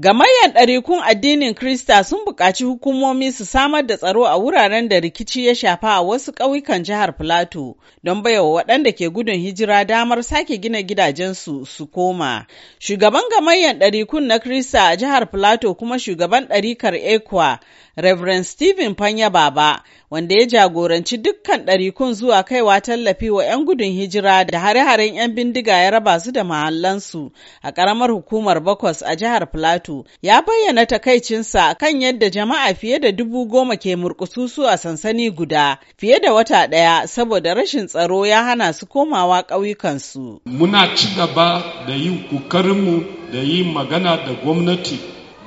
Gamayyar ɗarikun addinin Krista sun buƙaci hukumomi su samar da tsaro a wuraren da rikici ya shafa a wasu ƙauyukan jihar Filato don baiwa waɗanda ke gudun hijira damar sake gina gidajensu su koma. Shugaban gamayyar ɗarikun na Krista a jihar Filato kuma shugaban ɗarikar Ekwa, Reverend Stephen Fanya Baba, wanda ya jagoranci dukkan ɗarikun zuwa kaiwa tallafi wa 'yan gudun hijira da hare-haren 'yan bindiga ya raba su da mahallansu a ƙaramar hukumar Bakwas a jihar Filato. Talatu ya bayyana takaicinsa kan yadda jama'a fiye da dubu goma ke murkususu a sansani guda fiye da wata ɗaya saboda rashin tsaro ya hana su komawa ƙauyukansu. Muna ci gaba da yi ƙoƙarinmu da yi magana da gwamnati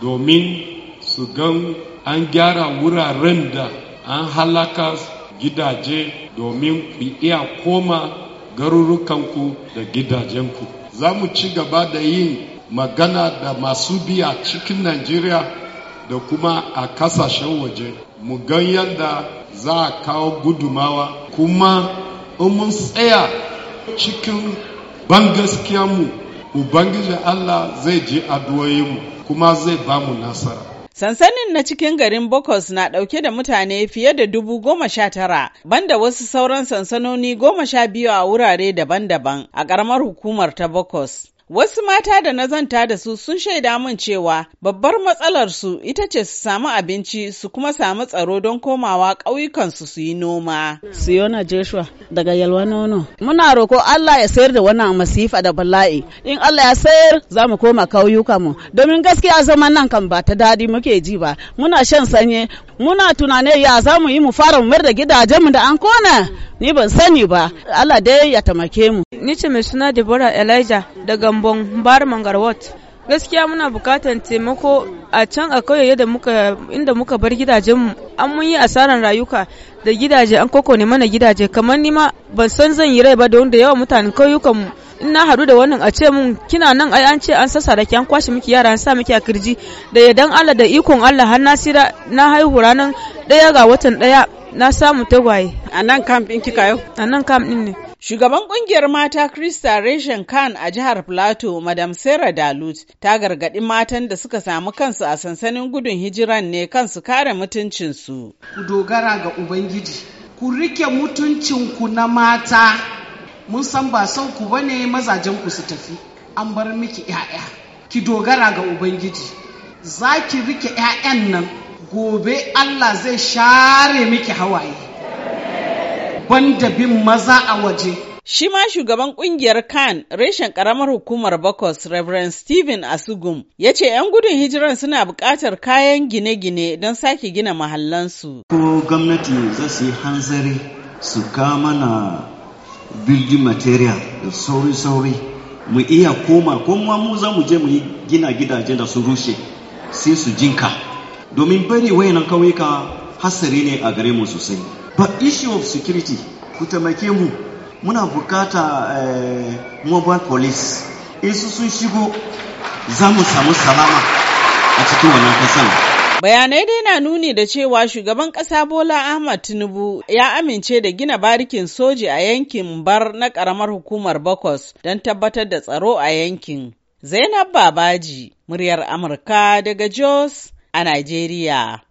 domin su gan an gyara wuraren da an halaka gidaje domin ku iya koma garurukanku da gidajenku. Za mu ci gaba da yin magana da masu biya cikin Najeriya da kuma a kasashen waje mu gan yadda za a kawo gudumawa kuma in mun tsaya cikin ban mu ubangiji Allah zai je mu kuma zai ba mu nasara Sansanin na cikin garin Bokos na ɗauke da mutane fiye da dubu goma sha tara, banda wasu sauran sansanoni goma sha biyu a wurare daban-daban a ƙaramar hukumar ta Bokos. Wasu mata da na zanta da su sun shaida mun cewa babbar matsalarsu ita ce su samu abinci su kuma samu tsaro don komawa ƙauyukansu su yi noma. Siona Joshua daga Yalwa Nono. Muna roko Allah ya sayar da wannan masifa da bala'i. In Allah ya sayar za mu koma ƙauyuka mu. Domin gaskiya zaman nan kan ba ta daɗi muke ji ba. Muna shan sanyi. muna tunanin ya za mu yi mu fara mu mayar da gidajenmu da an kona ni ban sani ba Allah dai ya tamake mu ni ce mai suna Deborah Elijah da Gambon Bar Mangarwat gaskiya muna bukatan taimako a can a kauye da muka inda muka bar gidajenmu an mun yi asaran rayuka da gidaje an koko ne mana gidaje kamar ni ma ban san zan yi rai ba da yawa mutanen kauyukan in na hadu da wannan a ce mun kina nan ai an ce an sasa da an kwashe miki yara an sa miki a kirji da yadan Allah da ikon Allah har na sira na haihu ranan daya ga watan daya na samu tagwaye a nan camp din kika yau a nan camp din ne Shugaban kungiyar mata Krista Reshen Khan a jihar Plateau, Madam Sarah Dalut, ta gargaɗi matan da suka samu kansu a sansanin gudun hijiran ne kansu kare mutuncinsu. Ku dogara ga Ubangiji, ku rike mutuncinku na mata mun san ba son ku bane mazajen ku su tafi an bar miki 'ya'ya ki dogara ga ubangiji za ki rike 'ya'yan nan gobe allah zai share miki hawaye banda bin maza a waje shi ma shugaban kungiyar kan reshen karamar hukumar bakos reverend stephen asugum ya ce 'yan gudun hijiran suna buƙatar kayan gine-gine don sake gina mahallansu ko gwamnati za su yi hanzari su kama na building material da sauri-sauri mu iya koma koma mu za mu je mu yi gina gidaje da su rushe sai su jinka domin bari wayanan kauyuka hasari ne a gare mu sosai but issue of security ku taimake mu muna bukata eh, mobile police in su sun shigo za mu samu salama a cikin wannan kasan. Bayanai dai na nuni da cewa shugaban ƙasa Bola Ahmad Tinubu ya amince da gina barikin soji a yankin Bar na ƙaramar hukumar bakwas don tabbatar da tsaro a yankin. Zainab Babaji, muryar Amurka daga Jos a Najeriya.